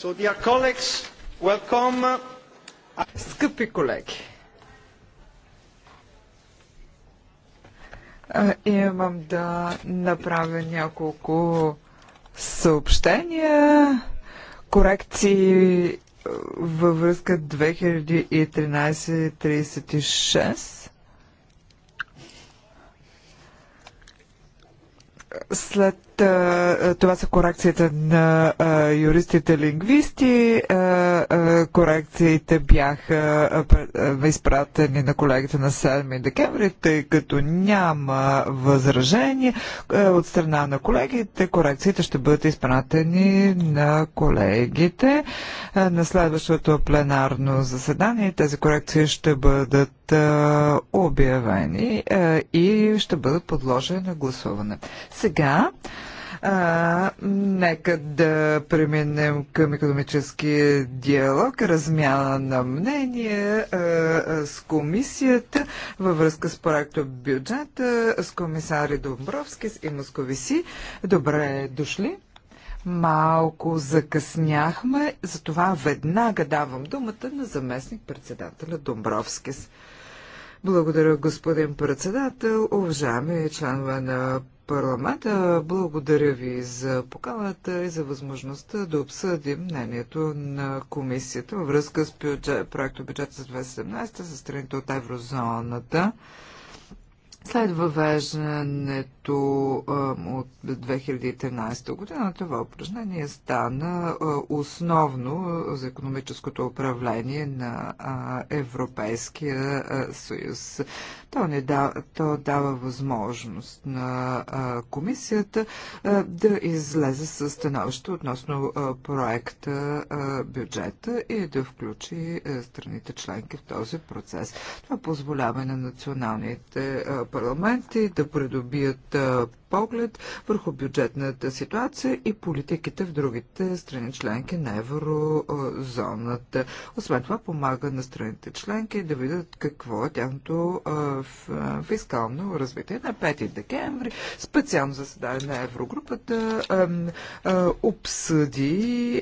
So, dear colleagues, welcome. Скъпи колеги, имам да направя няколко съобщения, корекции във връзка 2013-36. След а, това са корекцията на а, юристите лингвисти. корекциите бяха а, изпратени на колегите на 7 декември, тъй като няма възражение а, от страна на колегите. Корекциите ще бъдат изпратени на колегите а, на следващото пленарно заседание. Тези корекции ще бъдат а, обявени а, и ще бъдат подложени на гласуване. Сега сега а, нека да преминем към економическия диалог, размяна на мнение а, а, с комисията във връзка с проекта бюджета, с комисари Домбровски и Московиси. Добре дошли! Малко закъсняхме, затова веднага давам думата на заместник председателя Домбровскис. Благодаря, господин председател, уважаеми членове на парламента. Благодаря ви за поканата и за възможността да обсъдим мнението на комисията във връзка с проекта бюджет за 2017 за страните от еврозоната. След въвеждането от 2013 година това упражнение стана основно за економическото управление на Европейския съюз. То, не дава, то дава възможност на комисията да излезе с становище относно проекта бюджета и да включи страните членки в този процес. Това позволява на националните парламент и да придобият поглед върху бюджетната ситуация и политиките в другите страни членки на еврозоната. Освен това помага на страните членки да видят какво е тяхното фискално развитие. На 5 декември специално заседание на Еврогрупата обсъди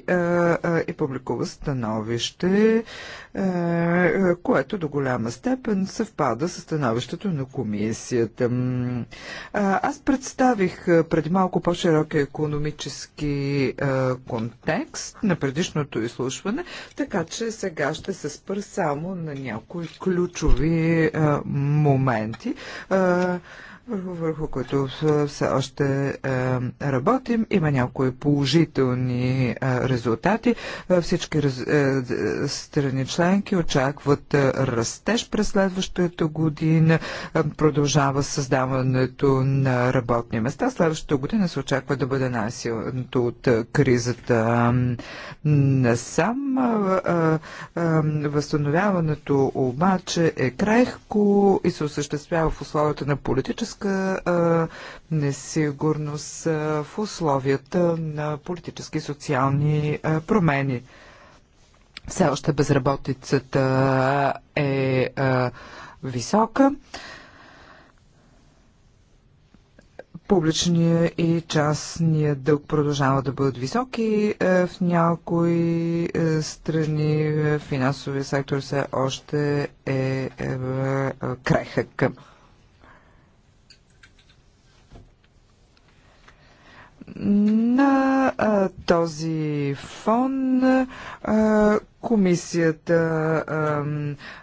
и публикува становище, което до голяма степен съвпада с становището на комисията. Аз представям Представих преди малко по-широкия економически контекст на предишното изслушване, така че сега ще се спър само на някои ключови моменти върху които все още е, работим. Има някои положителни е, резултати. Е, всички раз... страни членки очакват растеж през следващата година. Продължава създаването на работни места. Следващата година се очаква да бъде най-силното от кризата. Насам възстановяването обаче е крехко и се осъществява в условията на политическа политическа а, несигурност а, в условията на политически и социални а, промени. Все още безработицата е а, висока. Публичния и частния дълг продължава да бъдат високи. В някои страни финансовия сектор все още е, е, е крехък. На а, този фон а, комисията а,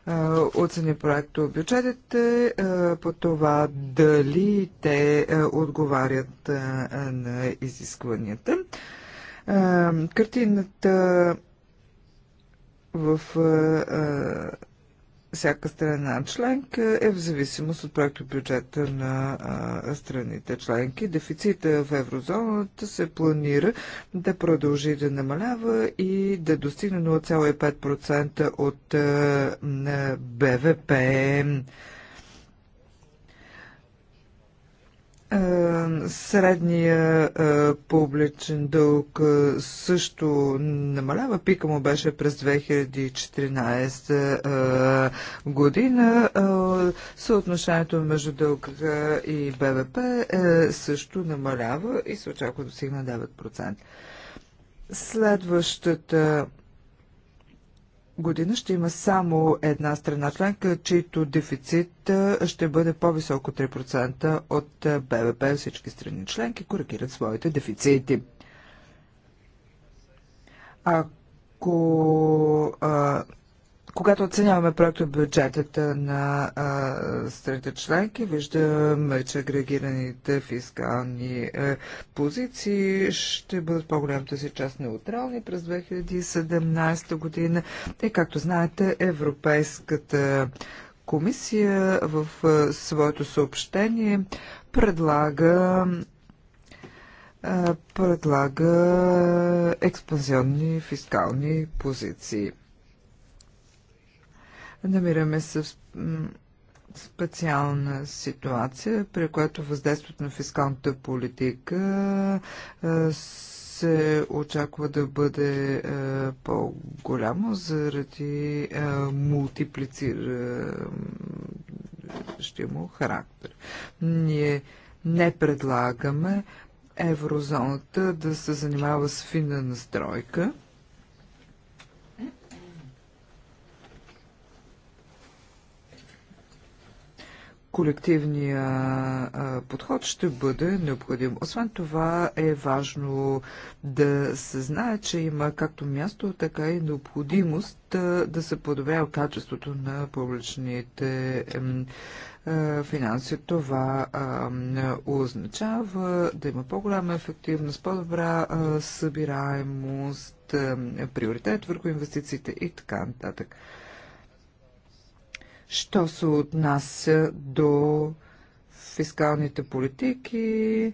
а, оцени проекто бюджетите а, по това дали те а, отговарят а, на изискванията. А, картината в а, всяка страна членка е в зависимост от проекто бюджета на а, страните членки. Дефицита в еврозоната се планира да продължи да намалява и да достигне 0,5% от а, БВП. Е, средния е, публичен дълг е, също намалява. Пика му беше през 2014 година. Съотношението между дълга и БВП също намалява и се очаква да достигне 9%. Следващата година ще има само една страна членка, чийто дефицит ще бъде по-високо 3% от БВП. Всички страни членки коригират своите дефицити. Ако а, когато оценяваме проекто бюджетата на страните членки, виждаме, че агрегираните фискални е, позиции ще бъдат по-голямата си част неутрални през 2017 година. И, както знаете, Европейската комисия в е, своето съобщение предлага е, предлага експанзионни фискални позиции. Намираме се в специална ситуация, при която въздействието на фискалната политика се очаква да бъде по-голямо заради мултиплициращия му характер. Ние не предлагаме еврозоната да се занимава с финна настройка, колективния подход ще бъде необходим. Освен това е важно да се знае, че има както място, така и необходимост да, се подобрява качеството на публичните финанси. Това означава да има по-голяма ефективност, по-добра събираемост, приоритет върху инвестициите и така нататък. Що се отнася до фискалните политики, е,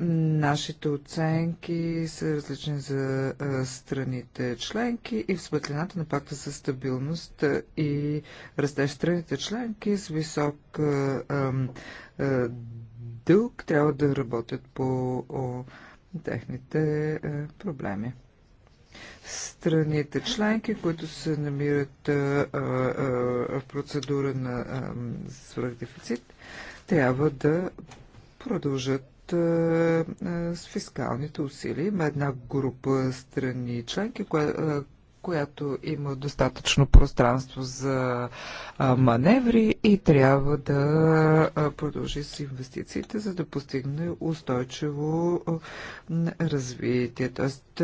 нашите оценки са различни за е, страните членки и в светлината на пакта за стабилност е, и растеж страните членки с висок дълг трябва да работят по техните проблеми страните членки, които се намират а, а, в процедура на а, свръхдефицит, трябва да продължат а, а, с фискалните усилия. Има една група страни членки, коя, а, която има достатъчно пространство за а, маневри и трябва да а, продължи с инвестициите, за да постигне устойчиво а, развитие. Тоест,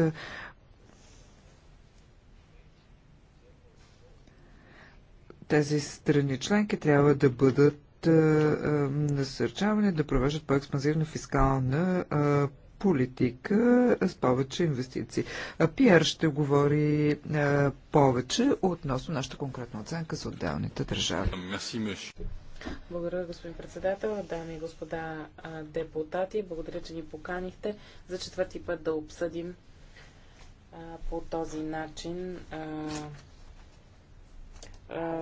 тези страни членки трябва да бъдат насърчавани да провеждат по-експанзивна фискална политика с повече инвестиции. Пиер ще говори повече относно нашата конкретна оценка за отделните държави. Благодаря, господин председател, дами и господа депутати. Благодаря, че ни поканихте за четвърти път да обсъдим по този начин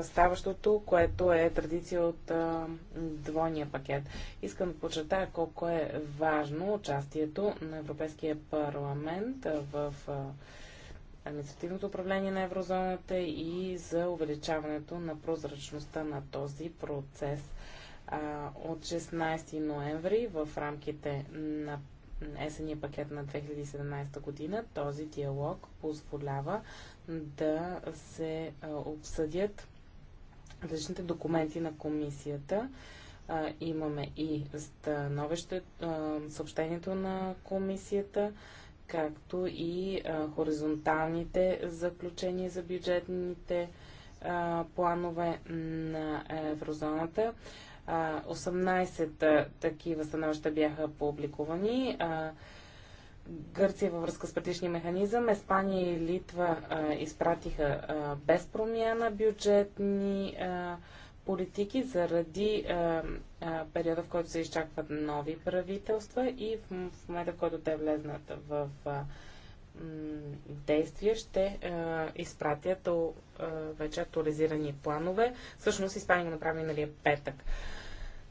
ставащото, което е традиция от а, двойния пакет. Искам да подчертая колко е важно участието на Европейския парламент в а, административното управление на еврозоната и за увеличаването на прозрачността на този процес. А, от 16 ноември в рамките на есения пакет на 2017 година този диалог позволява да се обсъдят различните документи на комисията. Имаме и становище, съобщението на комисията, както и хоризонталните заключения за бюджетните планове на еврозоната. 18 такива становища бяха публикувани. Гърция във връзка с предишния механизъм. Испания и Литва а, изпратиха а, без промяна бюджетни а, политики заради а, а, периода, в който се изчакват нови правителства и в, в момента, в който те влезнат в а, действие ще а, изпратят а, вече актуализирани планове. Всъщност Испания го направи нали, е петък. А,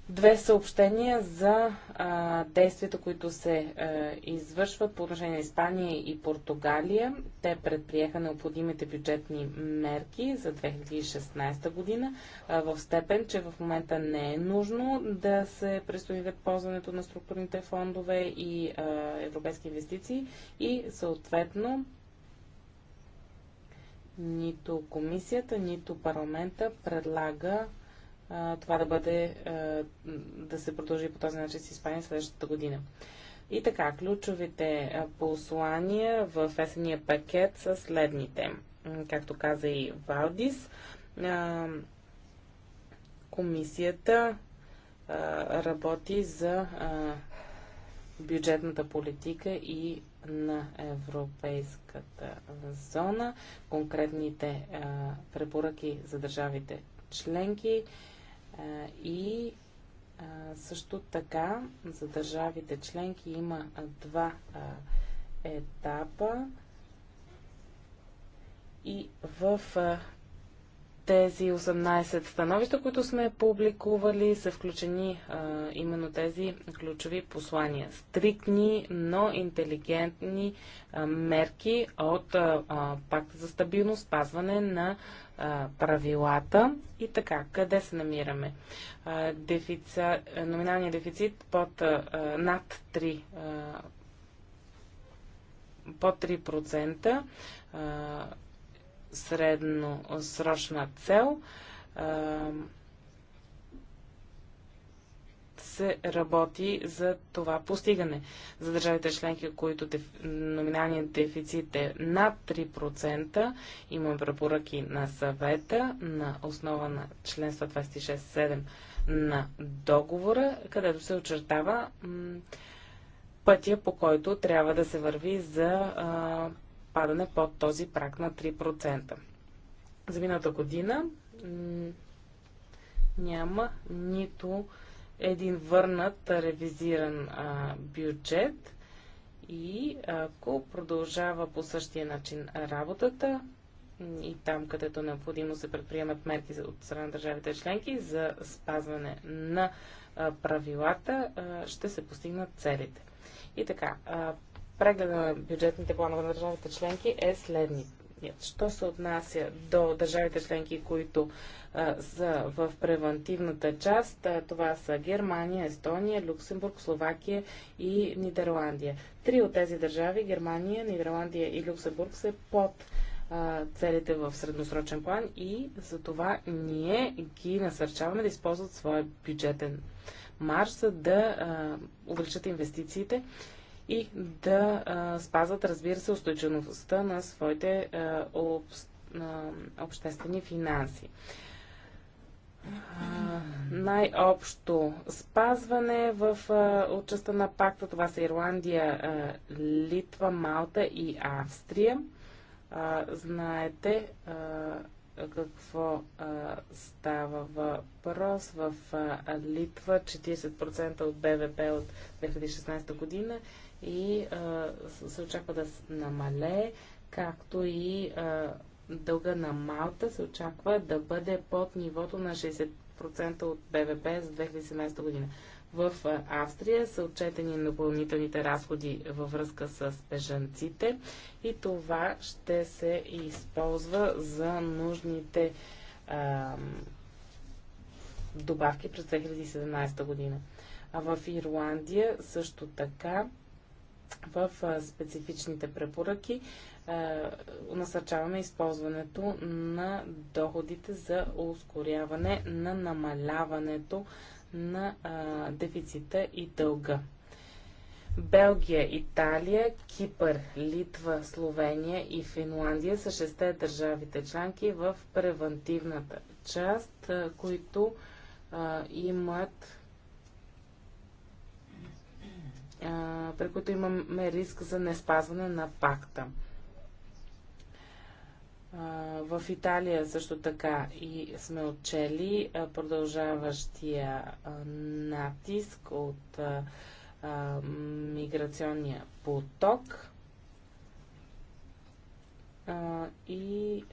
две съобщения за а, действията, които се а, е, извършват по отношение на Испания и Португалия. Те предприеха необходимите бюджетни мерки за 2016 година а, в степен, че в момента не е нужно да се престояват ползването на структурните фондове и а, европейски инвестиции и съответно нито комисията, нито парламента предлага това да бъде, да се продължи по този начин с Испания следващата година. И така, ключовите послания в есения пакет са следните. Както каза и Валдис, комисията работи за бюджетната политика и на европейската зона, конкретните препоръки за държавите членки, и също така за държавите членки има два етапа и в тези 18 становища, които сме публикували, са включени а, именно тези ключови послания. Стриктни, но интелигентни а, мерки от а, пакта за стабилност, спазване на а, правилата и така. Къде се намираме? А, дефица, номиналния дефицит под, а, над 3 а, под 3%. А, средносрочна цел се работи за това постигане. За държавите членки, които деф... номиналният дефицит е над 3%, има препоръки на съвета на основа на член 126.7 на договора, където се очертава пътя, по който трябва да се върви за а, падане под този прак на 3%. За миналата година няма нито един върнат ревизиран а, бюджет и ако продължава по същия начин работата и там, където е необходимо се предприемат мерки от страна на държавите членки за спазване на правилата, ще се постигнат целите. И така, прегледа на бюджетните планове на държавите членки е следният. Що се отнася до държавите членки, които а, са в превентивната част, а, това са Германия, Естония, Люксембург, Словакия и Нидерландия. Три от тези държави, Германия, Нидерландия и Люксембург, са под а, целите в средносрочен план и за това ние ги насърчаваме да използват своя бюджетен марш, за да а, увеличат инвестициите и да а, спазват, разбира се, устойчивостта на своите а, об, а, обществени финанси. най-общо спазване в отчаста на пакта, това са Ирландия, Литва, Малта и Австрия. знаете, какво а, става въпрос. В а, Литва 40% от БВП от 2016 година и а, се очаква да намалее, както и а, дълга на Малта се очаква да бъде под нивото на 60% от БВП за 2017 година. В Австрия са отчетени допълнителните разходи във връзка с бежанците и това ще се използва за нужните а, добавки през 2017 година. А в Ирландия също така в специфичните препоръки насърчаваме използването на доходите за ускоряване на намаляването на дефицита и дълга. Белгия, Италия, Кипър, Литва, Словения и Финландия са шесте държавите членки в превентивната част, които имат при които имаме риск за неспазване на пакта. В Италия също така и сме отчели продължаващия натиск от миграционния поток. И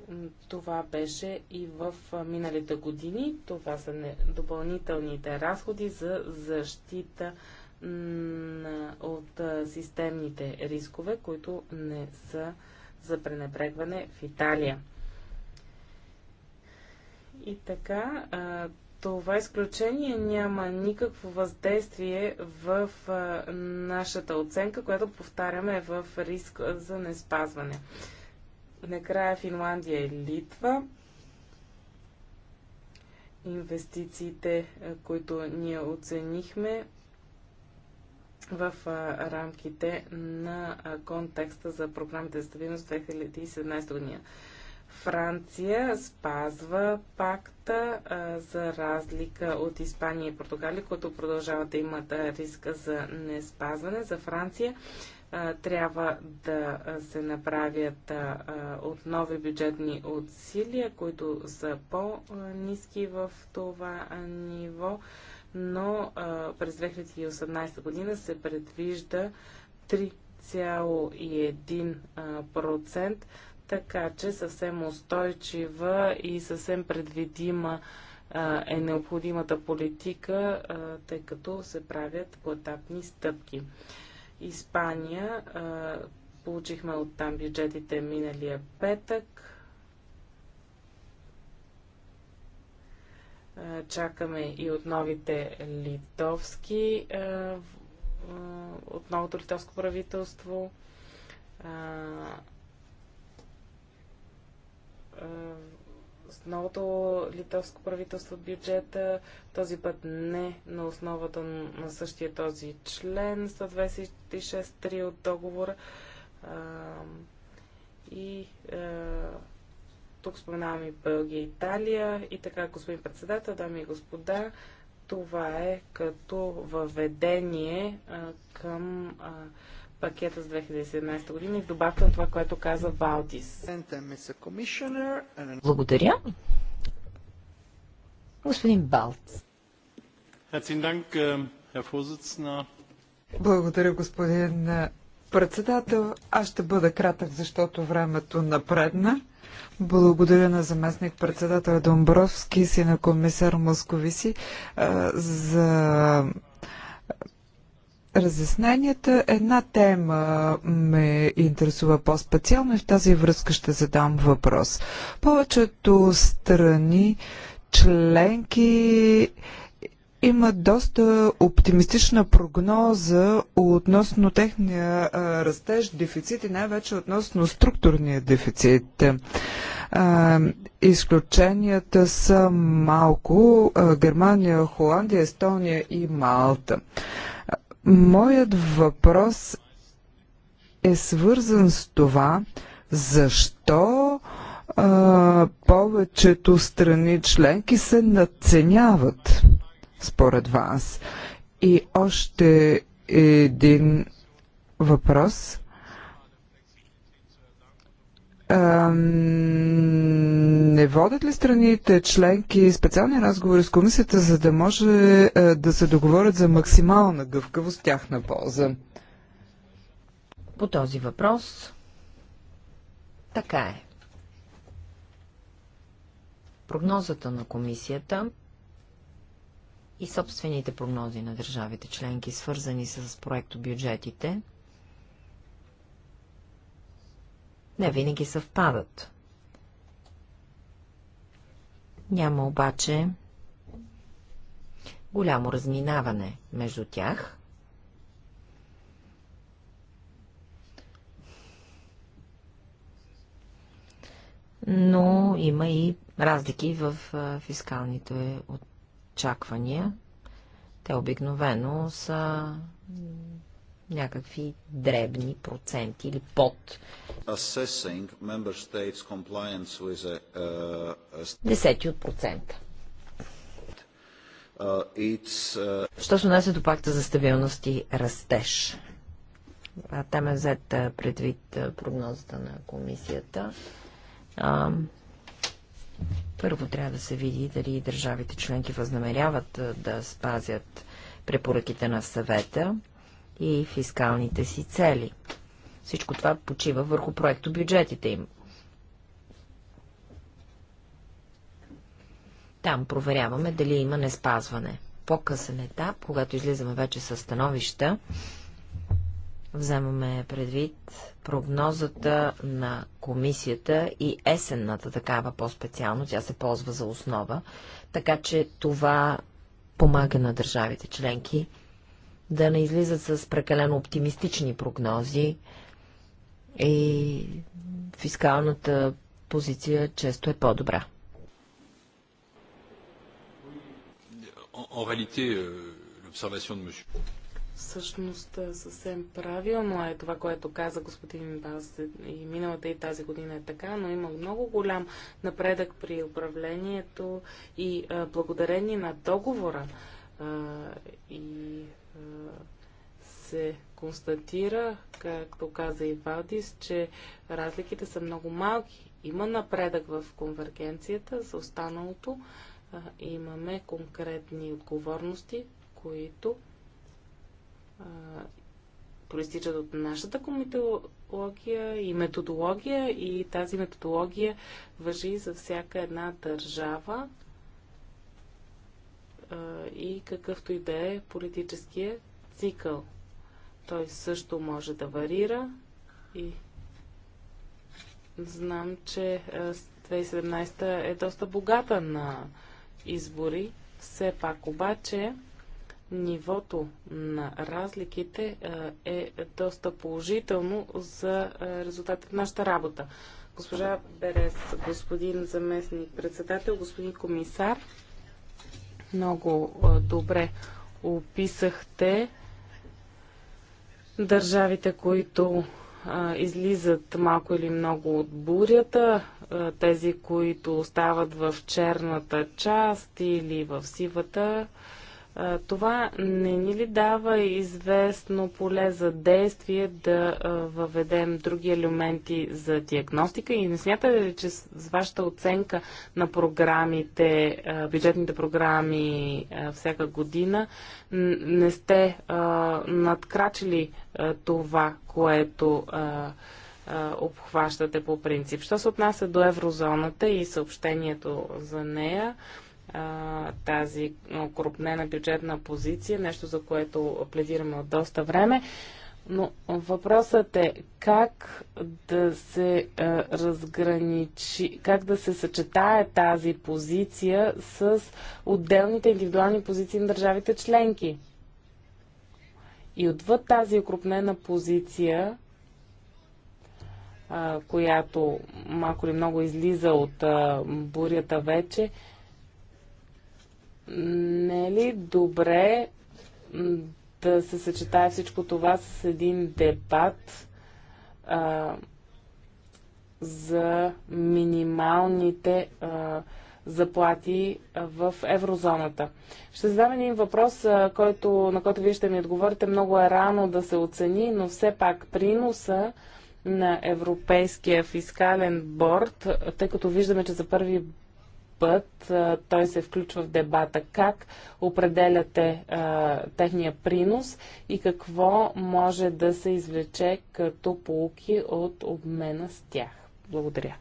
това беше и в миналите години. Това са допълнителните разходи за защита от системните рискове, които не са за пренебрегване в Италия. И така, това изключение няма никакво въздействие в нашата оценка, която повтаряме в риск за неспазване. Накрая Финландия и Литва. Инвестициите, които ние оценихме, в рамките на контекста за програмите за стабилност 2017 година. Франция спазва пакта а, за разлика от Испания и Португалия, които продължават да имат риска за неспазване. За Франция а, трябва да се направят а, отнови бюджетни отсилия, които са по-низки в това ниво. А, но а, през 2018 година се предвижда 3,1%, така че съвсем устойчива и съвсем предвидима а, е необходимата политика, а, тъй като се правят поетапни стъпки. Испания получихме от там бюджетите миналия петък Чакаме и от новите литовски, от новото литовско правителство. С новото литовско правителство бюджета, този път не на основата на същия този член 126.3 от договора. И тук споменаваме и Бългия, Италия. И така, господин председател, дами и господа, това е като въведение а, към а, пакета с 2017 година и в добавка на това, което каза Валдис. Благодаря. Господин Балц. Э, Благодаря, господин э, председател, аз ще бъда кратък, защото времето напредна. Благодаря на заместник председател Домбровски си на комисар Московиси за разясненията. Една тема ме интересува по-специално и в тази връзка ще задам въпрос. Повечето страни членки има доста оптимистична прогноза относно техния растеж, дефицит и най-вече относно структурния дефицит. Изключенията са малко Германия, Холандия, Естония и Малта. Моят въпрос е свързан с това, защо а, повечето страни членки се надценяват според вас? И още един въпрос. не водят ли страните членки специални разговори с комисията, за да може е, да се договорят за максимална гъвкавост тяхна полза? По този въпрос така е. Прогнозата на комисията и собствените прогнози на държавите членки, свързани с проектобюджетите, не винаги съвпадат. Няма обаче голямо разминаване между тях. Но има и разлики в фискалните от очаквания. Те обикновено са някакви дребни проценти или под. Uh, Десети от процента. Uh, uh, Що се отнася до пакта за стабилност и растеж? Там е взет предвид прогнозата на комисията. Първо трябва да се види дали държавите членки възнамеряват да спазят препоръките на съвета и фискалните си цели. Всичко това почива върху проекто бюджетите им. Там проверяваме дали има неспазване. По-късен етап, когато излизаме вече с становища, Вземаме предвид прогнозата на комисията и есенната такава по-специално, тя се ползва за основа, така че това помага на държавите членки да не излизат с прекалено оптимистични прогнози и фискалната позиция често е по-добра. En euh, Всъщност е, съвсем правилно е това, което каза господин Бас е, и миналата и тази година е така, но има много голям напредък при управлението и а, е, благодарение на договора а, и а, се констатира, както каза и Валдис, че разликите са много малки. Има напредък в конвергенцията, за останалото а, имаме конкретни отговорности, които проистичат от нашата комитология и методология и тази методология въжи за всяка една държава и какъвто и да е политическия цикъл. Той също може да варира и знам, че 2017 е доста богата на избори. Все пак обаче нивото на разликите е доста положително за резултатите в нашата работа. Госпожа Берес, господин заместник председател, господин комисар, много добре описахте държавите, които излизат малко или много от бурята, тези, които остават в черната част или в сивата това не ни ли дава известно поле за действие да въведем други елементи за диагностика и не смятате ли, че с вашата оценка на програмите, бюджетните програми всяка година, не сте надкрачили това, което обхващате по принцип. Що се отнася до еврозоната и съобщението за нея, тази окрупнена бюджетна позиция, нещо за което пледираме от доста време. Но въпросът е как да се а, разграничи, как да се съчетае тази позиция с отделните индивидуални позиции на държавите членки. И отвъд тази окрупнена позиция, а, която малко или много излиза от а, бурята вече, не е ли добре да се съчетае всичко това с един дебат а, за минималните а, заплати в еврозоната. Ще задам един въпрос, който, на който вие ще ми отговорите. Много е рано да се оцени, но все пак приноса на Европейския фискален борт, тъй като виждаме, че за първи път той се включва в дебата. Как определяте а, техния принос и какво може да се извлече като полуки от обмена с тях? Благодаря.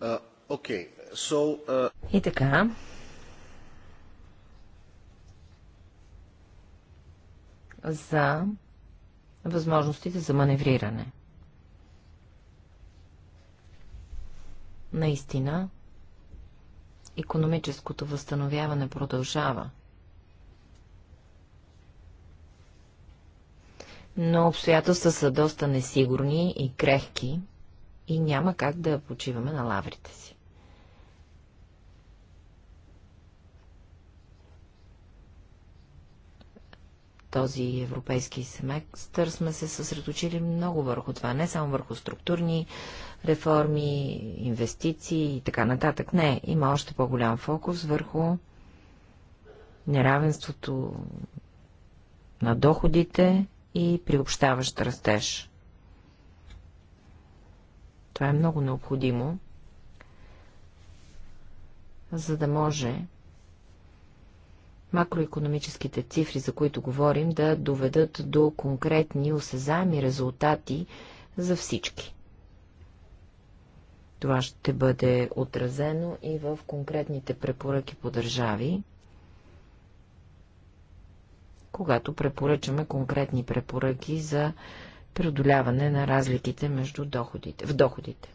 Uh, okay. so, uh... И така. За възможностите за маневриране. Наистина, економическото възстановяване продължава. Но обстоятелства са доста несигурни и крехки и няма как да почиваме на лаврите си. този европейски семестър сме се съсредоточили много върху това, не само върху структурни реформи, инвестиции и така нататък. Не, има още по-голям фокус върху неравенството на доходите и приобщаващ растеж. Това е много необходимо, за да може макроекономическите цифри, за които говорим, да доведат до конкретни осезаеми резултати за всички. Това ще бъде отразено и в конкретните препоръки по държави, когато препоръчаме конкретни препоръки за преодоляване на разликите между доходите, в доходите.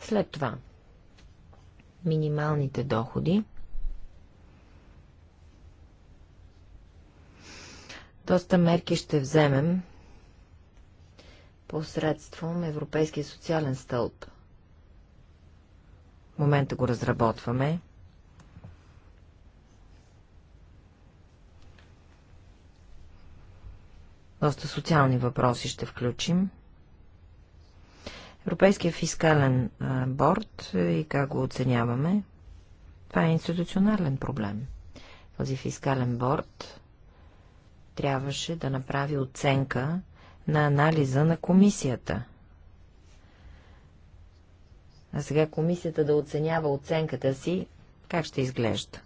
След това минималните доходи. Доста мерки ще вземем посредством Европейския социален стълб – момента го разработваме. Доста социални въпроси ще включим. Европейския фискален борт е, и как го оценяваме. Това е институционален проблем. Този фискален борт трябваше да направи оценка на анализа на комисията. А сега комисията да оценява оценката си, как ще изглежда.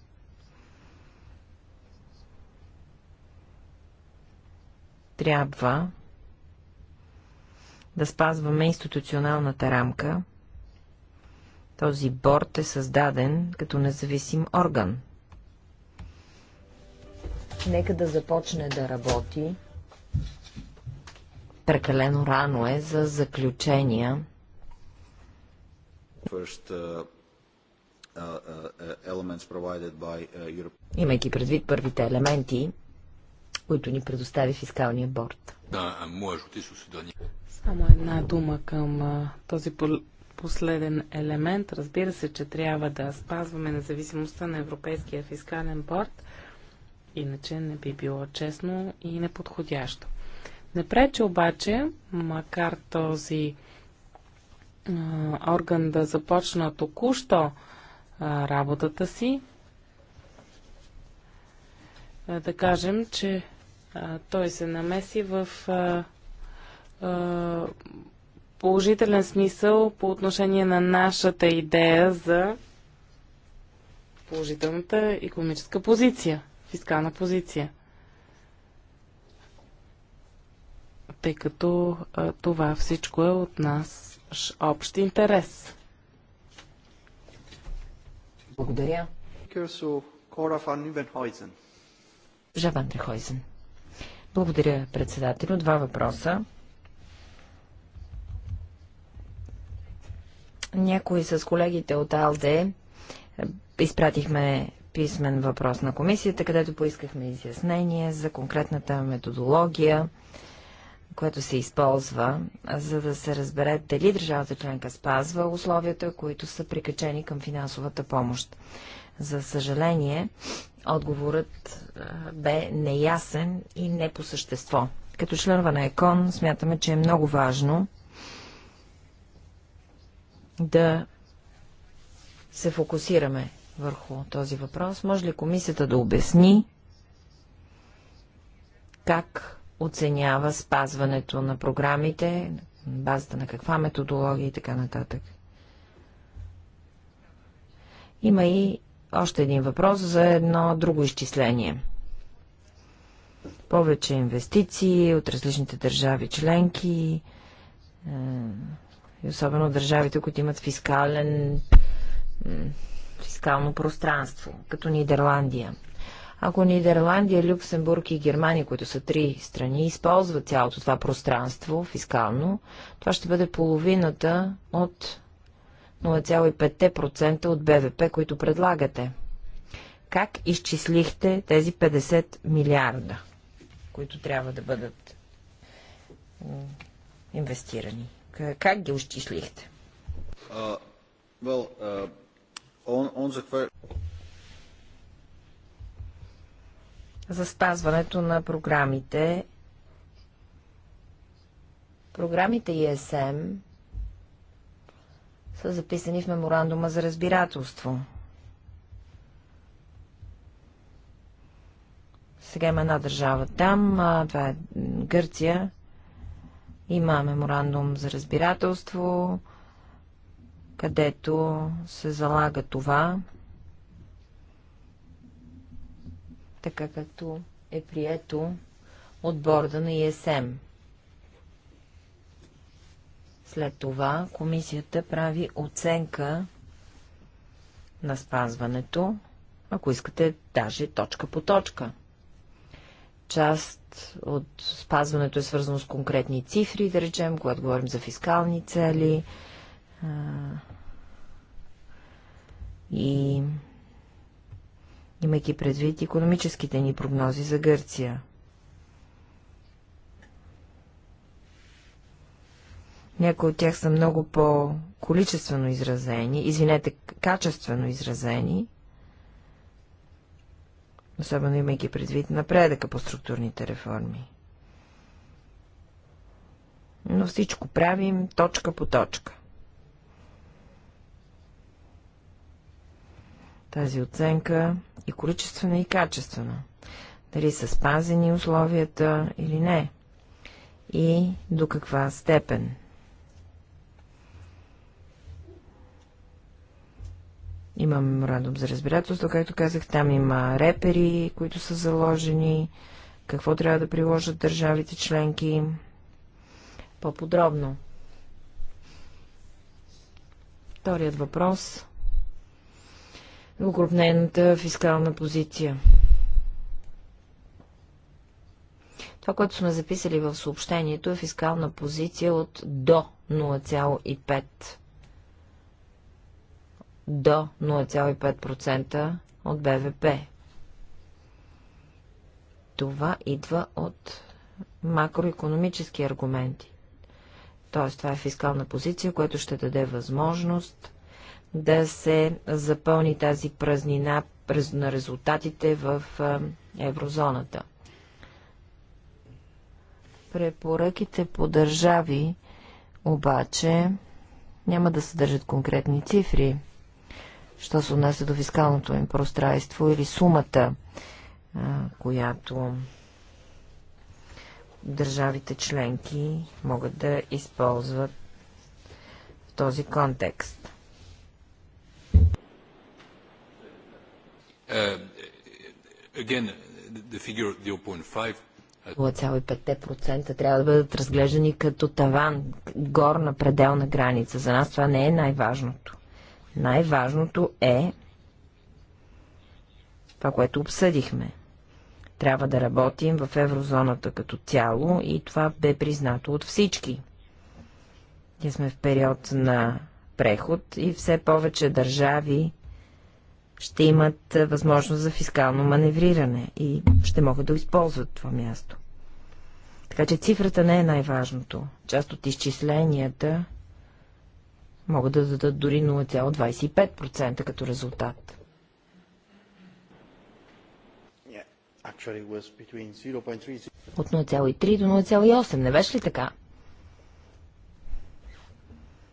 Трябва да спазваме институционалната рамка. Този борт е създаден като независим орган. Нека да започне да работи. Прекалено рано е за заключения first uh, uh, uh, elements provided by Europe. Имайки предвид първите елементи, които ни предостави фискалния борт. Само една дума към този последен елемент. Разбира се, че трябва да спазваме независимостта на Европейския фискален борт, иначе не би било честно и неподходящо. Не пречи обаче, макар този орган да започна току-що работата си, да кажем, че той се намеси в положителен смисъл по отношение на нашата идея за положителната економическа позиция, фискална позиция. Тъй като това всичко е от нас общ интерес. Благодаря. Жаван Трехойзен. Благодаря, председателю. Два въпроса. Някои с колегите от АЛДЕ изпратихме писмен въпрос на комисията, където поискахме изяснение за конкретната методология което се използва, за да се разбере дали държавата членка спазва условията, които са прикачени към финансовата помощ. За съжаление, отговорът бе неясен и не по същество. Като членове на ЕКОН смятаме, че е много важно да се фокусираме върху този въпрос. Може ли комисията да обясни как оценява спазването на програмите, на базата на каква методология и така нататък. Има и още един въпрос за едно друго изчисление. Повече инвестиции от различните държави членки е, и особено държавите, които имат фискален, фискално пространство, като Нидерландия. Ако Нидерландия, Люксембург и Германия, които са три страни, използват цялото това пространство фискално, това ще бъде половината от 0,5% от БВП, които предлагате. Как изчислихте тези 50 милиарда, които трябва да бъдат инвестирани? Как ги изчислихте? Uh, well, uh, on, on the... за спазването на програмите. Програмите ЕСМ са записани в меморандума за разбирателство. Сега има една държава там, това е Гърция. Има меморандум за разбирателство, където се залага това, така както е прието от борда на ИСМ. След това комисията прави оценка на спазването, ако искате, даже точка по точка. Част от спазването е свързано с конкретни цифри, да речем, когато говорим за фискални цели и имайки предвид економическите ни прогнози за Гърция. Някои от тях са много по-количествено изразени, извинете, качествено изразени, особено имайки предвид напредъка по структурните реформи. Но всичко правим точка по точка. Тази оценка и количествена, и качествена. Дали са спазени условията или не. И до каква степен. Имам меморандум за разбирателство, както казах, там има репери, които са заложени, какво трябва да приложат държавите членки. По-подробно. Вторият въпрос укрупнената фискална позиция. Това, което сме записали в съобщението е фискална позиция от до 0,5 до 0,5% от БВП. Това идва от макроекономически аргументи. Тоест, това е фискална позиция, която ще даде възможност да се запълни тази празнина на резултатите в еврозоната. Препоръките по държави обаче няма да съдържат конкретни цифри, що се отнася до фискалното им пространство или сумата, която държавите членки могат да използват в този контекст. Uh, again, the figure 0.5 0,5% uh, трябва да бъдат разглеждани като таван, горна пределна граница. За нас това не е най-важното. Най-важното е това, което обсъдихме. Трябва да работим в еврозоната като цяло и това бе признато от всички. Ние сме в период на преход и все повече държави ще имат е, възможност за фискално маневриране и ще могат да използват това място. Така че цифрата не е най-важното. Част от изчисленията могат да дадат дори 0,25% като резултат. От 0,3 до 0,8, не беше ли така?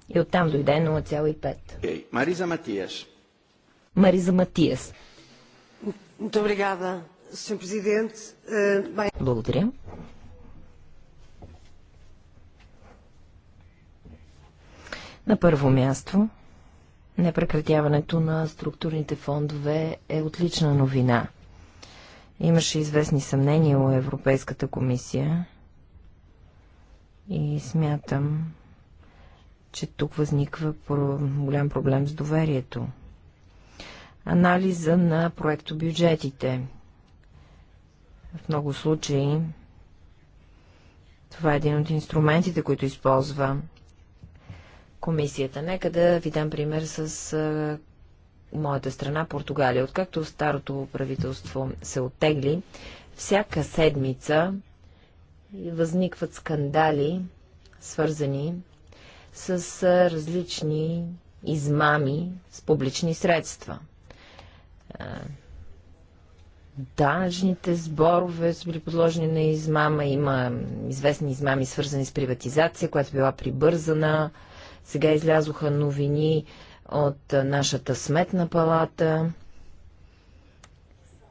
И оттам дойде 0,5. Мариза Матиаш. Мариза Матиас. Eh, Благодаря. На първо място, непрекратяването на структурните фондове е отлична новина. Имаше известни съмнения у Европейската комисия и смятам, че тук възниква голям проблем с доверието анализа на проектобюджетите. В много случаи това е един от инструментите, които използва комисията. Нека да ви дам пример с моята страна, Португалия. Откакто старото правителство се оттегли, всяка седмица възникват скандали, свързани с различни измами с публични средства – данъчните сборове са били подложени на измама. Има известни измами, свързани с приватизация, която била прибързана. Сега излязоха новини от нашата сметна палата,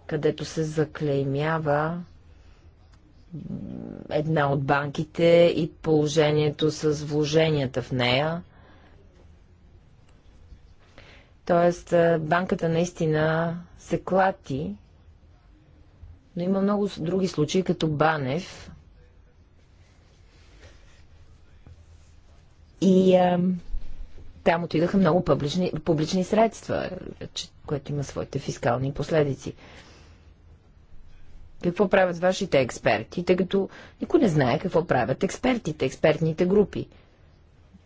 където се заклеймява една от банките и положението с вложенията в нея. Тоест, банката наистина се клати, но има много други случаи, като Банев. И а, там отидаха много публични, публични средства, което има своите фискални последици. Какво правят вашите експерти, тъй като никой не знае какво правят експертите, експертните групи.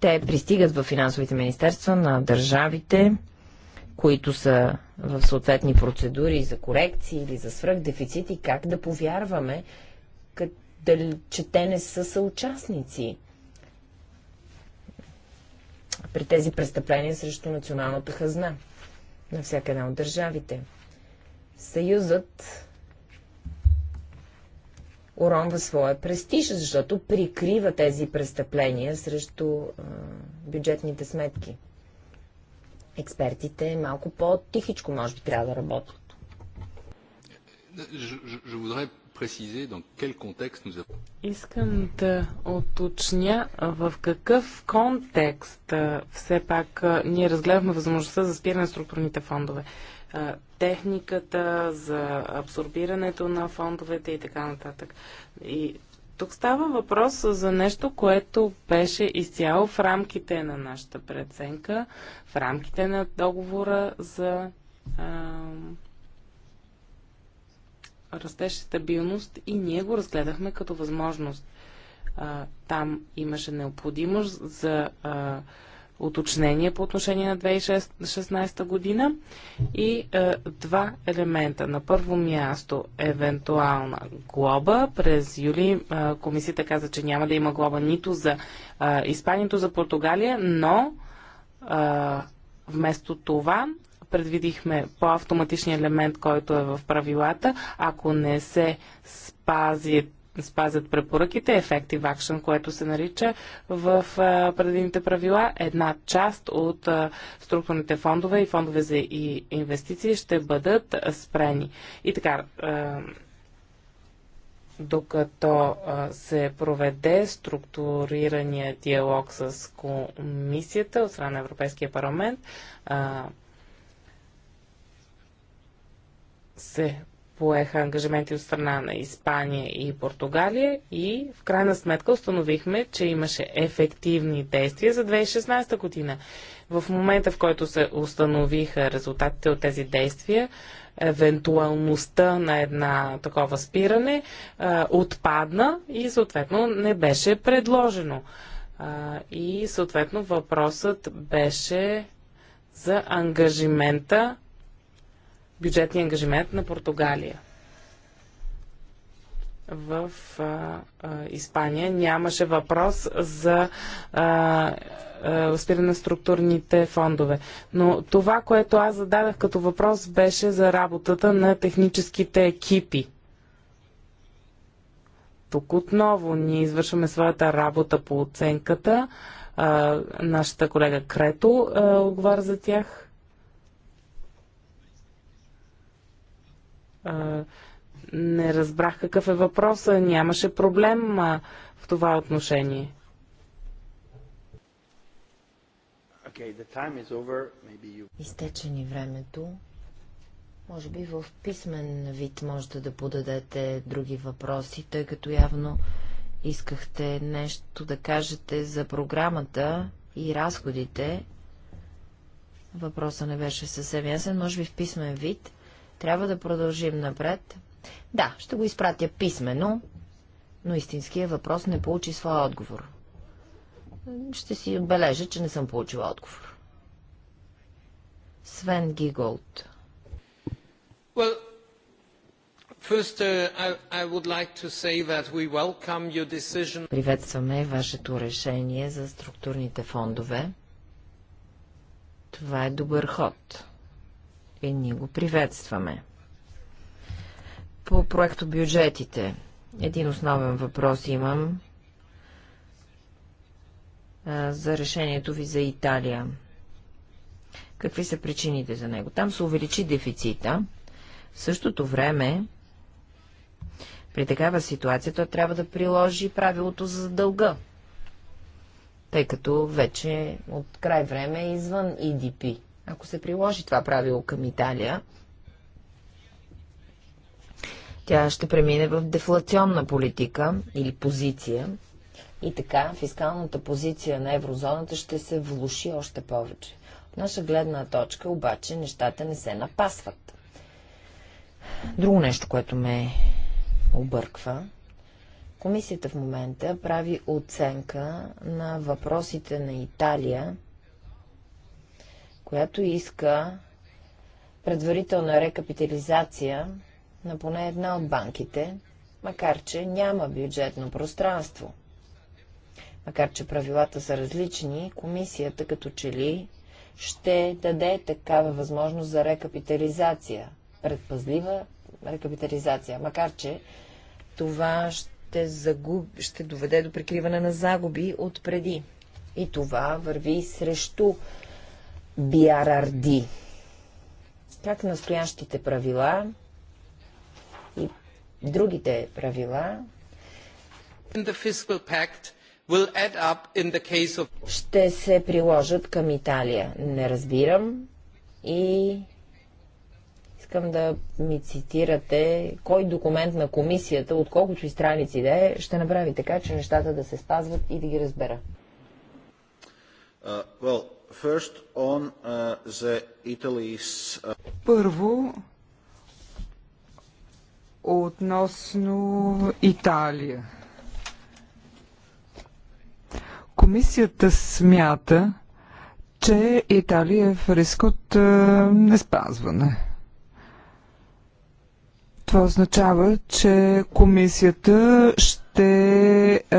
Те пристигат в финансовите министерства на държавите, които са в съответни процедури за корекции или за свръхдефицити, как да повярваме, че те не са съучастници при тези престъпления срещу националната хазна на всяка една от държавите. Съюзът уронва своя престиж, защото прикрива тези престъпления срещу а, бюджетните сметки експертите малко по-тихичко може би трябва да работят. Искам да оточня в какъв контекст все пак ние разгледахме възможността за спиране на структурните фондове. Техниката за абсорбирането на фондовете и така нататък. И тук става въпрос за нещо, което беше изцяло в рамките на нашата преценка, в рамките на договора за а, растеж стабилност и ние го разгледахме като възможност. А, там имаше необходимост за а, уточнение по отношение на 2016 година и е, два елемента. На първо място евентуална глоба. През юли е, комисията каза, че няма да има глоба нито за е, Испания, нито за Португалия, но е, вместо това предвидихме по-автоматичния елемент, който е в правилата. Ако не се спазят спазят препоръките, Effective Action, което се нарича в предвидените правила. Една част от структурните фондове и фондове за и инвестиции ще бъдат спрени. И така, докато се проведе структурирания диалог с комисията от страна на Европейския парламент, се поеха ангажименти от страна на Испания и Португалия и в крайна сметка установихме, че имаше ефективни действия за 2016 година. В момента, в който се установиха резултатите от тези действия, евентуалността на една такова спиране а, отпадна и съответно не беше предложено. А, и съответно въпросът беше за ангажимента бюджетния ангажимент на Португалия. В а, а, Испания нямаше въпрос за спиране на структурните фондове. Но това, което аз зададах като въпрос, беше за работата на техническите екипи. Тук отново ние извършваме своята работа по оценката. А, нашата колега Крето а, отговаря за тях не разбрах какъв е въпроса. Нямаше проблем а, в това отношение. Okay, you... Изтече ни времето. Може би в писмен вид можете да подадете други въпроси, тъй като явно искахте нещо да кажете за програмата и разходите. Въпросът не беше съвсем ясен, може би в писмен вид. Трябва да продължим напред. Да, ще го изпратя писменно, но истинския въпрос не получи своя отговор. Ще си отбележа, че не съм получила отговор. Свен Гиголд. Well, first, uh, I, I like Приветстваме вашето решение за структурните фондове. Това е добър ход и ние го приветстваме. По проекто бюджетите. Един основен въпрос имам за решението ви за Италия. Какви са причините за него? Там се увеличи дефицита. В същото време, при такава ситуация, той трябва да приложи правилото за дълга, тъй като вече от край време е извън EDP. Ако се приложи това правило към Италия, тя ще премине в дефлационна политика или позиция и така фискалната позиция на еврозоната ще се влуши още повече. От наша гледна точка обаче нещата не се напасват. Друго нещо, което ме обърква. Комисията в момента прави оценка на въпросите на Италия която иска предварителна рекапитализация на поне една от банките, макар че няма бюджетно пространство. Макар че правилата са различни, комисията като че ли ще даде такава възможност за рекапитализация, предпазлива рекапитализация, макар че това ще, загуб... ще доведе до прикриване на загуби от преди. И това върви срещу BRRD. Как настоящите правила и другите правила ще се приложат към Италия. Не разбирам и искам да ми цитирате кой документ на комисията, от колкото и страници да е, ще направи така, че нещата да се спазват и да ги разбера. Uh, well, Uh, uh, Първо, относно Италия. Комисията смята, че Италия е в риск от е, неспазване. Това означава, че комисията ще е,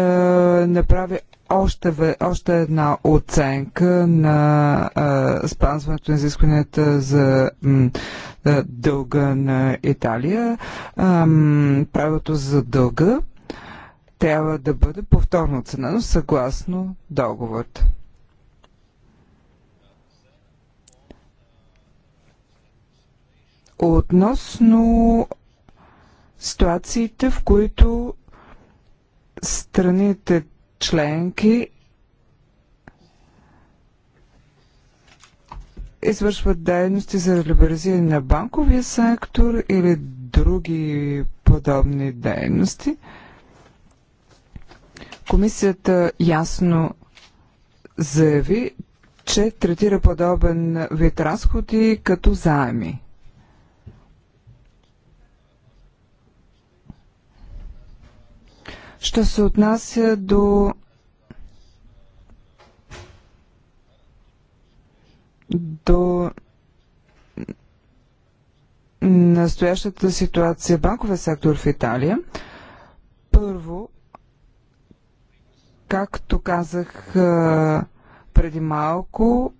направи още, още една оценка на а, спазването на изискванията за м, дълга на Италия. А, м, правилото за дълга трябва да бъде повторно оценено съгласно договорът. Относно ситуациите, в които страните членки извършват дейности за либерализиране на банковия сектор или други подобни дейности. Комисията ясно заяви, че третира подобен вид разходи като заеми. Що се отнася до до настоящата ситуация банковия сектор в Италия, първо, както казах преди малко,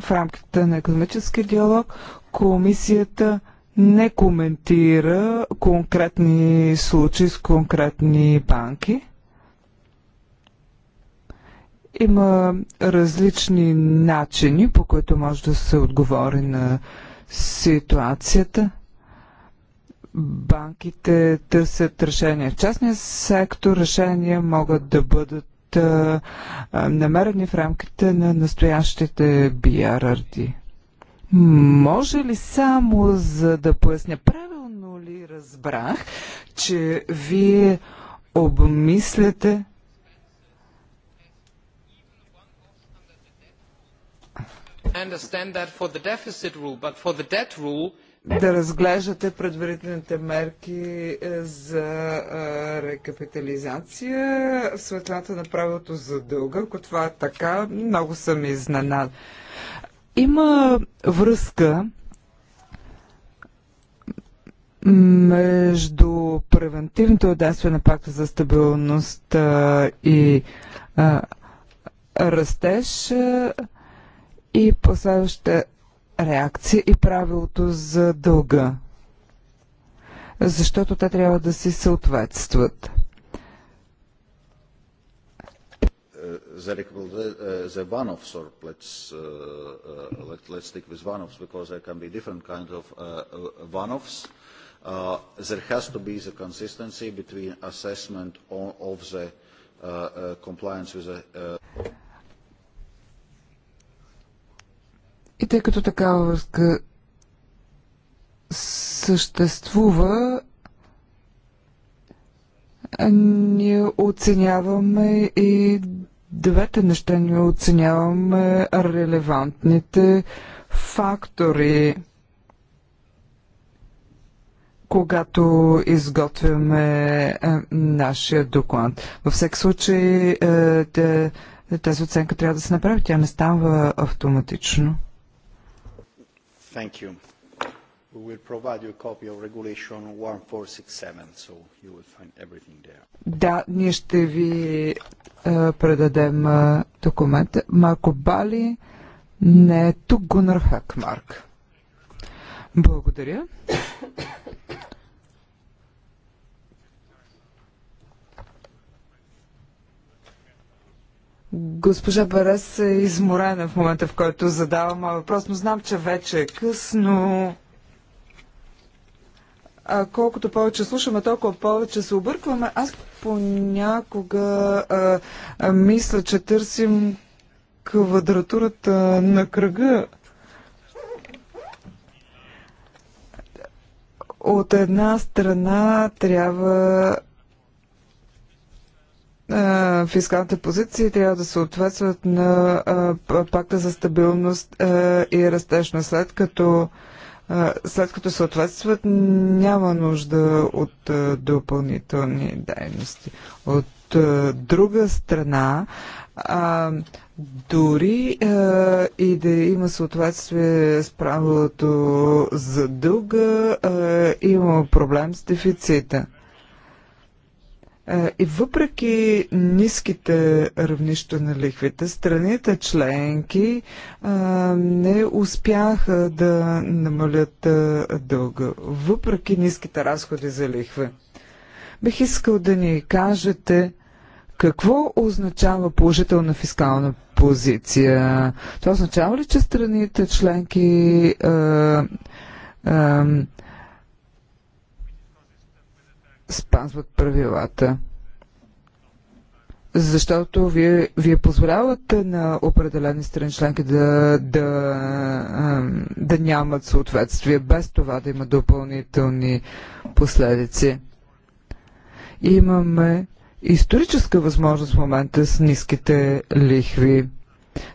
в рамките на економически диалог, комисията не коментира конкретни случаи с конкретни банки. Има различни начини, по които може да се отговори на ситуацията. Банките търсят решения в частния сектор. Решения могат да бъдат намерени в рамките на настоящите BRRD. Може ли само за да поясня, правилно ли разбрах, че вие обмисляте да разглеждате предварителните мерки е, за е, рекапитализация в светлата на правилото за дълга. Ако това е така, много съм изненадан. Има връзка между превентивното действие на пакта за стабилност и а, растеж и последваща реакция и правилото за дълга. Защото те трябва да си съответстват. the one-offs, off let, let's stick with one-offs because there can be different kinds of one-offs. There has to be the consistency between assessment of the compliance with the И тъй като такава връзка съществува, ние оценяваме и двете неща ни оценяваме релевантните фактори, когато изготвяме е, нашия доклад. Във всеки случай е, тази оценка трябва да се направи. Тя не става автоматично. Thank you we will provide you a copy of regulation 1467, so you will find everything there. Да, ние ще ви е, предадем е, документ. Марко Бали не е тук, Гунар Марк. Благодаря. Госпожа Барес е изморена в момента, в който задава моя въпрос, но знам, че вече е късно а, колкото повече слушаме, толкова повече се объркваме. Аз понякога а, а, мисля, че търсим квадратурата на кръга. От една страна трябва фискалните позиции трябва да се ответстват на пакта за стабилност и растеж, след като след като съответстват, няма нужда от допълнителни дейности. От друга страна, а, дори а, и да има съответствие с правилото за дълга, а, има проблем с дефицита. Е, и въпреки ниските равнища на лихвите, страните членки е, не успяха да намалят е, дълга, въпреки ниските разходи за лихви. Бих искал да ни кажете какво означава положителна фискална позиция. Това означава ли, че страните членки а, а, спазват правилата. Защото вие, вие позволявате на определени страни членки да, да, да нямат съответствие, без това да има допълнителни последици. И имаме историческа възможност в момента с ниските лихви.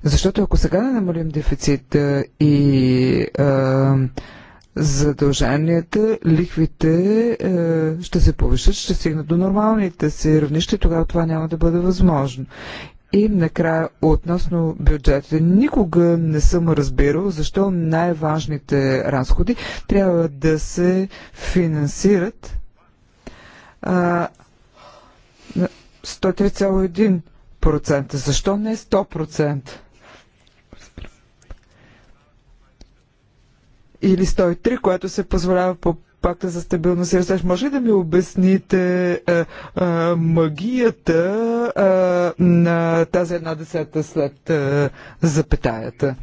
Защото ако сега не намалим дефицита и а, задълженията, лихвите е, ще се повишат, ще стигнат до нормалните си равнища, тогава това няма да бъде възможно. И накрая, относно бюджетите, никога не съм разбирал защо най-важните разходи трябва да се финансират а, 103,1%. Защо не 100%? или 103, което се позволява по пакта за стабилност и растеж. Може ли да ми обясните а, е, а, е, магията а, е, на тази една десета след а, запетаята?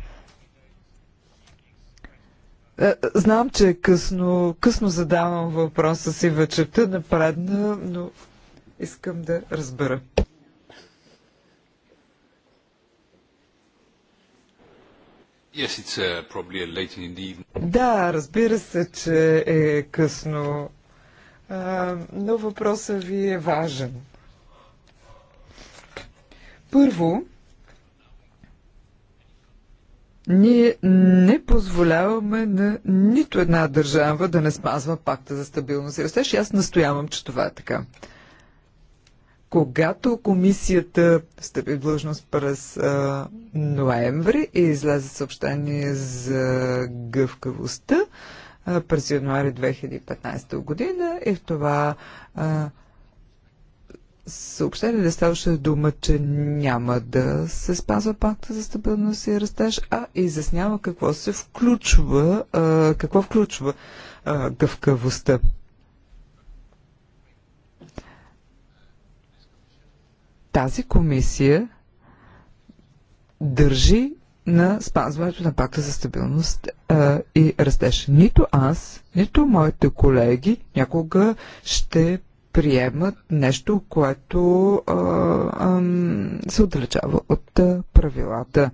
Знам, че е късно, късно задавам въпроса си вечерта напредна, но искам да разбера. Yes, it's uh, probably late in the evening. Да, разбира се, че е късно, а, но въпросът ви е важен. Първо, ние не позволяваме на нито една държава да не спазва пакта за стабилност и растеж. Аз настоявам, че това е така. Когато комисията встъпи в длъжност през а, ноември и излезе съобщение за гъвкавостта а, през януари 2015 година и в това а, съобщение да ставаше дума, че няма да се спазва пакта за стабилност и растеж, а изяснява какво се включва, а, какво включва а, гъвкавостта. Тази комисия държи на спазването на пакта за стабилност а, и растеж. Нито аз, нито моите колеги някога ще приемат нещо, което а, а, се отдалечава от а, правилата.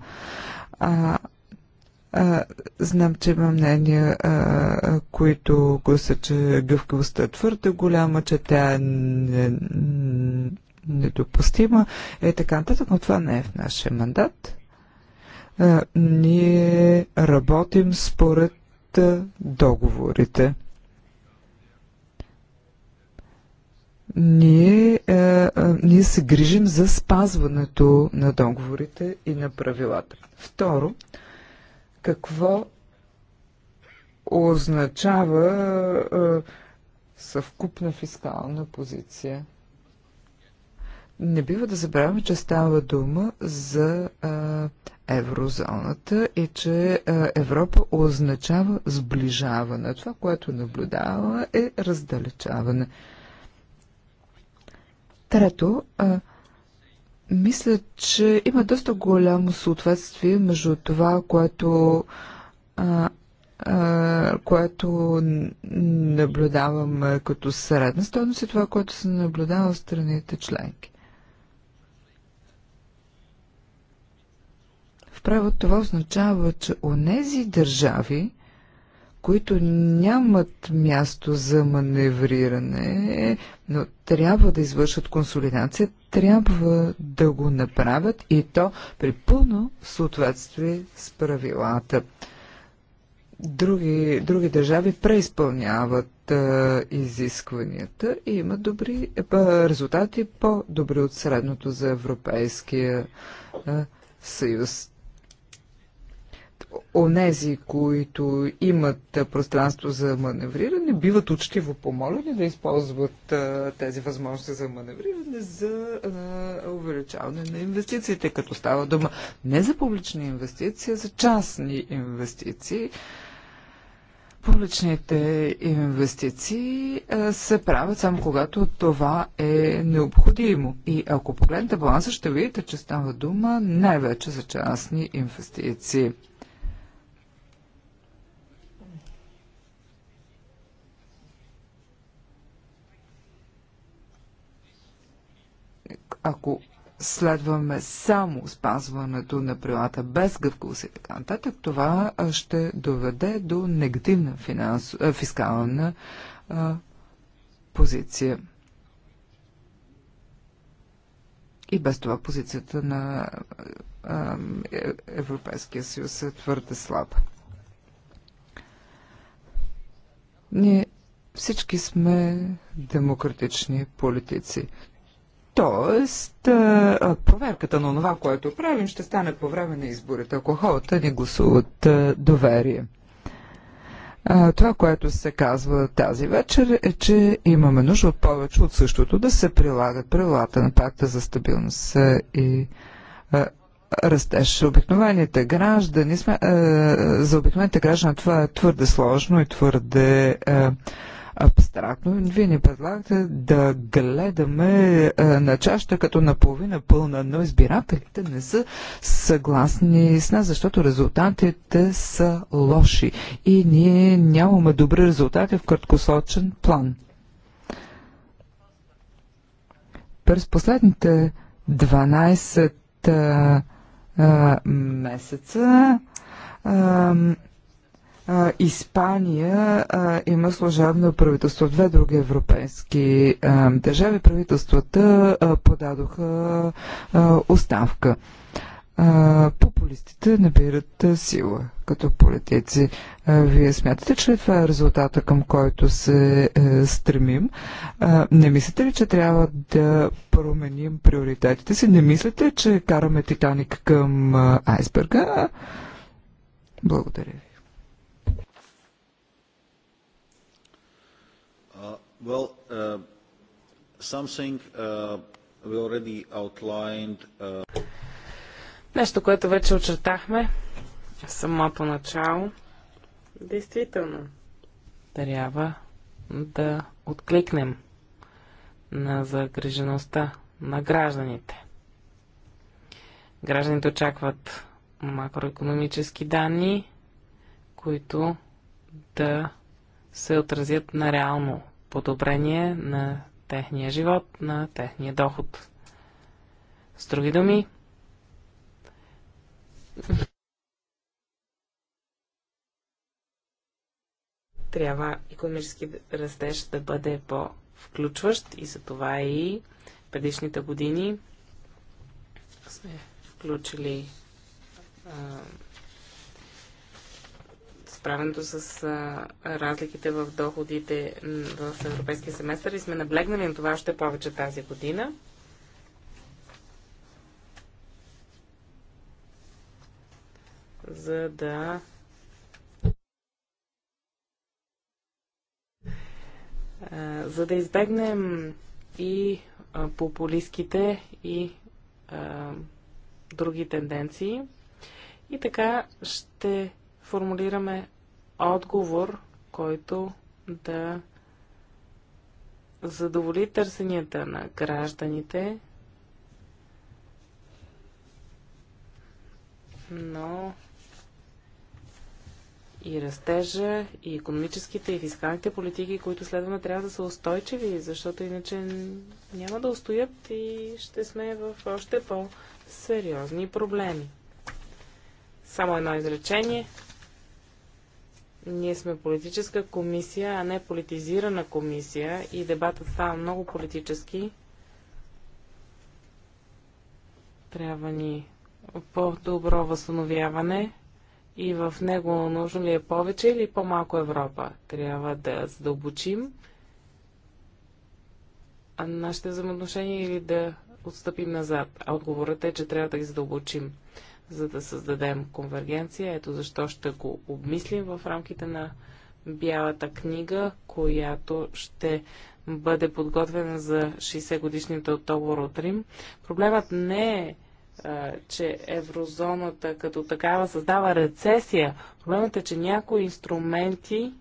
А, а, знам, че има мнения, а, които гласят, че гъвкавостта е твърде голяма, че тя е недопустима е така нататък, но това не е в нашия мандат. А, ние работим според договорите. Ние, а, ние се грижим за спазването на договорите и на правилата. Второ, какво означава а, съвкупна фискална позиция? Не бива да забравяме, че става дума за а, еврозоната и че а, Европа означава сближаване. Това, което наблюдава е раздалечаване. Трето, а, мисля, че има доста голямо съответствие между това, което а, което наблюдаваме като средна стойност и това, което се наблюдава в страните членки. в право това означава, че онези държави, които нямат място за маневриране, но трябва да извършат консолидация, трябва да го направят и то при пълно съответствие с правилата. Други, други държави преизпълняват а, изискванията и имат добри а, резултати, по-добри от средното за Европейския а, съюз онези, които имат пространство за маневриране, биват учтиво помолени да използват тези възможности за маневриране за увеличаване на инвестициите, като става дума не за публични инвестиции, а за частни инвестиции. Публичните инвестиции се правят само когато това е необходимо. И ако погледнете баланса, ще видите, че става дума най-вече за частни инвестиции. ако следваме само спазването на правилата без гъвкавост и така нататък, това ще доведе до негативна финанс... фискална а, позиция. И без това позицията на а, е, Европейския съюз е твърде слаба. Ние всички сме демократични политици. Тоест, проверката на това, което правим, ще стане по време на изборите, ако хората ни гласуват доверие. Това, което се казва тази вечер е, че имаме нужда от повече от същото да се прилагат правилата на пакта за стабилност и растеж. Обикновените граждани, за обикновените граждани това е твърде сложно и твърде абстрактно. Вие ни предлагате да гледаме е, на чашата като наполовина пълна, но избирателите не са съгласни с нас, защото резултатите са лоши и ние нямаме добри резултати в краткосрочен план. През последните 12 а, а, месеца а, е, Испания има служебно правителство. Две други европейски държави правителствата подадоха оставка. популистите набират сила като политици. вие смятате, че това е резултата, към който се е, стремим? не мислите ли, че трябва да променим приоритетите си? Не мислите, че караме Титаник към айсберга? Благодаря ви. Well, uh, something uh, we already outlined. Uh... Нещо, което вече очертахме в самото начало. Действително. Трябва да откликнем на загрижеността на гражданите. Гражданите очакват макроекономически данни, които да се отразят на реално подобрение на техния живот, на техния доход. С други думи, трябва економически растеж да бъде по-включващ и за това и предишните години сме включили а, справенето с а, разликите в доходите в европейския семестър и сме наблегнали на това още повече тази година. За да а, за да избегнем и а, популистските и а, други тенденции. И така ще формулираме отговор, който да задоволи търсенията на гражданите, но и растежа, и економическите, и фискалните политики, които следваме, трябва да са устойчиви, защото иначе няма да устоят и ще сме в още по-сериозни проблеми. Само едно изречение. Ние сме политическа комисия, а не политизирана комисия и дебатът става много политически. Трябва ни по-добро възстановяване и в него нужно ли е повече или по-малко Европа. Трябва да задълбочим нашите взаимоотношения или да отстъпим назад. А отговорът е, че трябва да ги задълбочим за да създадем конвергенция. Ето защо ще го обмислим в рамките на Бялата книга, която ще бъде подготвена за 60 годишните от договор от Рим. Проблемът не е, че еврозоната като такава създава рецесия. Проблемът е, че някои инструменти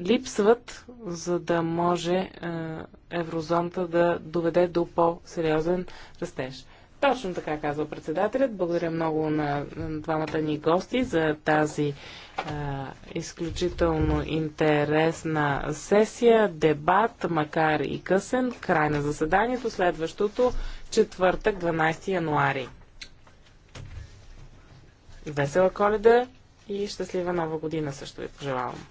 липсват, за да може еврозоната да доведе до по-сериозен растеж. Точно така казва председателят. Благодаря много на двамата ни гости за тази а, изключително интересна сесия, дебат, макар и късен. Край на заседанието, следващото четвъртък, 12 януари. Весела коледа и щастлива нова година също ви пожелавам.